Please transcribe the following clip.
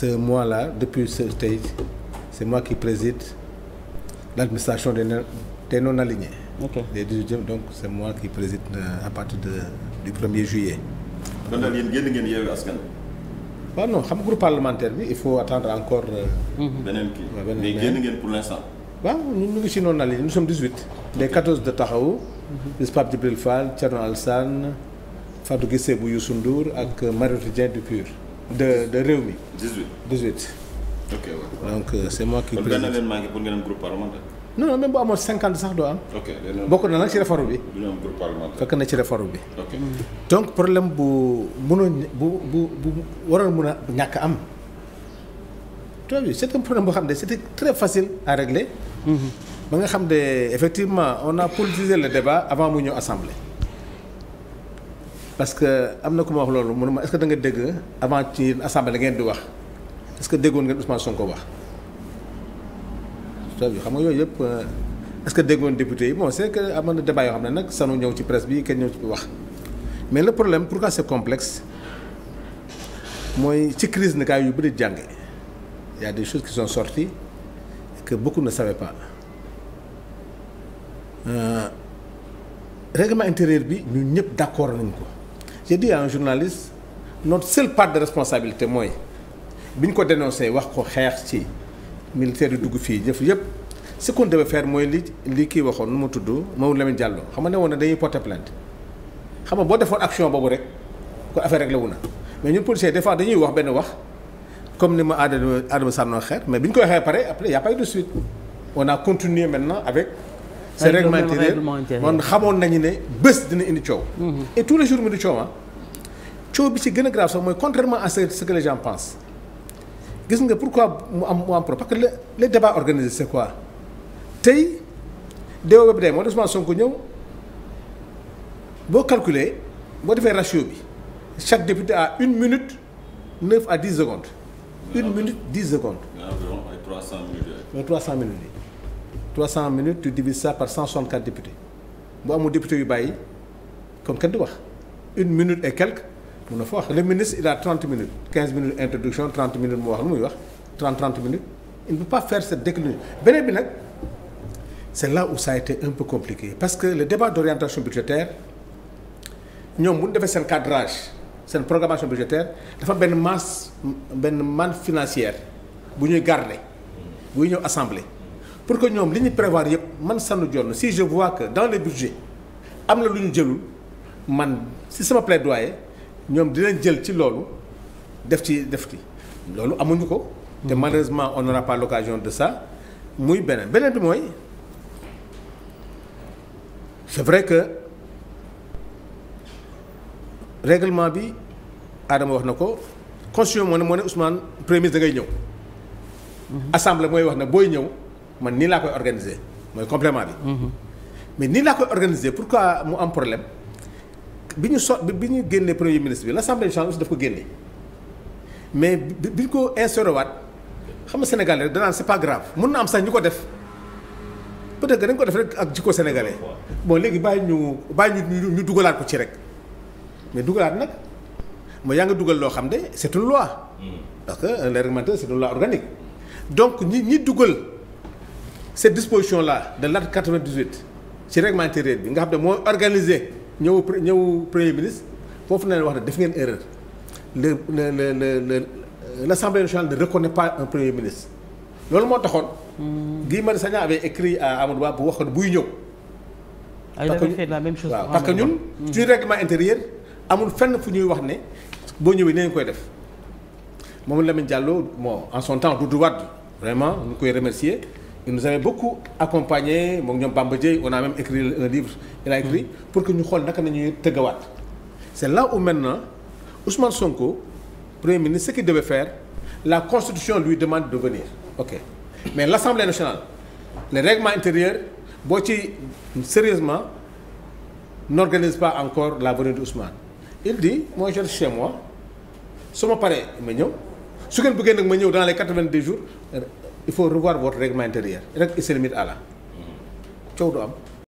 ce mois la depuis ce tey c'est moi qui préside l'administration des des non-alignés. ok des dixièmes donc c'est moi qui préside euh, à partir de du 1er juillet. kon daal yéen génn ngeen Yewwi Askan waaw non xam groupe parlementaire bi il faut attendre encore. Euh, mhm. beneen kii mais génn ngeen pour l'instant. waaw ñun ñu ngi si noonu alignés nous sommes 18. les 14 de Taxawu. bis mhm. Pape Djibril Fall Thierno Alassane Fatou bu Youssou ak euh, Marie Théoune du PUR. de de réew mi. 18 18. ok waaw donc euh, c' est moi qui. président kon benn événement pour ngeen bu amoon cinquante sax doo am. ok bokk na nag ci réforme bi. du ñu am groupe parlementaire. fekk na ci réforme bi. donc problème bu mënoon bu bu bu waroon mun a ñàkk am. tu vois c' est un problème boo xam ne c' était très facile à régler. Mhm. ba nga xam de effectivement on pour politisé le débat avant mu ñëw assemblée. parce que am na ko ma wax loolu mu ma est-ce que da nga dégg avant ci assemblée da di wax est-ce que déggoon ngeen Ousmane Sonko wax. cest xam nga yooyu yëpp euh, est-ce que déggoon député yi bon c'est que amoon na débat yoo xam ne nag sanu ñëw ci presse bi kenn ñëw ci wax mais le problème pourquoi c'est complexe mooy ci crise nag yu bëri jànge y a des choses qui sont sorties que beaucoup na savaient pas euh, intérieur bi ñu ñëpp d'accord nañ ko. j'ai dit à un journaliste notre part de responsabilité mooy bi ñu ko dénoncé wax ko xeex ci militaire yu dugg fii jëf yëpp ce qu'on devait faire mooy li lii kiy waxoon nu mu tudd Mamadou Lamine Diallo xam nga ne woon na dañuy porter plainte xam nga boo defoon action boobu rek ko affaire réglé wu na mais ñun policiers des fois dañuy wax benn wax comme ni ma Adama Adama sànnoo xeer mais bi ñu ko waxee pare après y a pas eu de suite on a continué maintenant avec. c'est règlement intérieur kon xamoon nañu ne bés dina indi coow. Mhm. et tous les jours mu di coow ah coow bi ci gën a grave sax mooy contrairement à ce que les gens pensent gis nga pourquoi mu am mu am problème parce que le les débats organisés c'est quoi tey déwéw bi day moo Ousmane Sonko ñëw boo calculer boo defee ratio bi chaque député a une minute neuf à dix secondes. une ah. minute dix secondes. waaw ay trois cent minutes. trois cent minutes. 300 minutes tu divises ça par 164 députés bu amul député yu bàyyi kon kenn du wax une minute et quelque mun na fa wax le ministre il a 30 minutes 15 minutes introduction 30 minutes mu lu muy wax 30 30 minutes il ne peut pas faire cette déclinaison beneen bi nag c'est là où ça a été un peu compliqué parce que le débat d'orientation budgétaire ñoom bu ñu defee seen cadrage seen programmation budgétaire dafa benn masse benn manne financière bu ñuy garder buy ñëw assemblée. pour que ñoom li ñu prévoir yëpp man sànnu jonn si je vois que dans le budget am na lu ñu jëlul man si sama plaidoyer ñoom dinañ jël ci loolu def ci def ci loolu amuñu ko. te hmm. malheureusement on n'aura pas l'occasion de sa muy beneen beneen bi mooy c'est vrai que règlement bi Adama wax na ko constitution moo ne moo ne Ousmane ngay ñëw. Hmm. assemblée mooy wax na booy ñëw. man nii laa koy organiser mooy complément bi. Mhm. mais nii laa koy pour pourquoi mu am problème bi ñu so bi ñu génnee premier ministre bi l'assemblée nationale aussi daf ko génne mais bi bi ko instauré waat xam nga Sénégal rek danaan mun na am sax ñu ko def. peut-être que dañ ko def rek ak jikko sénégalais bon léegi bàyyi ñu bàyyi ñu ñu dugalaat ko ci rek mais dugalaat nag mooy yaa ngi dugal loo xam ne c'est une loi. Mhm. parce que un réglementaire c'est une loi organique donc ñi ñi dugal. cette disposition là de l'article 98 ci règlement intérieur bi nga xam ne moo organiser ñëw ñëw premier ministre foofu na leen wax ne def ngeen erreur le le le le l'Assemblée nationale ne reconnaît pas un premier ministre loolu moo taxoon. Hmm. Guy Marius Sagna avait écrit à Amadou Ba bu waxoon buy ñëw. ay ah, la même chose parce que ñun. suñu hmm. règlement amul fenn fu ñuy wax ne boo ñëwee nee koy def moom Lamine Diallo moo en son temps Doudou Wade vraiment ñu koy remercier il nous avait beaucoup accompagné moom ñoom Bamba Dieye on a même écrit un livre il écrit pour que ñu xool naka nañuy tëggawaat c'est là où maintenant Ousmane Sonko premier ministre ce qu'il devait faire la constitution lui demande de venir ok mais l'Assemblée nationale le règlement intérieur boo ci sérieusement n'organise pas encore la venue de Ousmane il dit moi je reste su ma paree ma ñëw su ngeen bëggee nag ma ñëw dans les quatre-vingt-dix jours il faut revoir votre règlement intérieur rek il se limite mm-hmm. coow du am.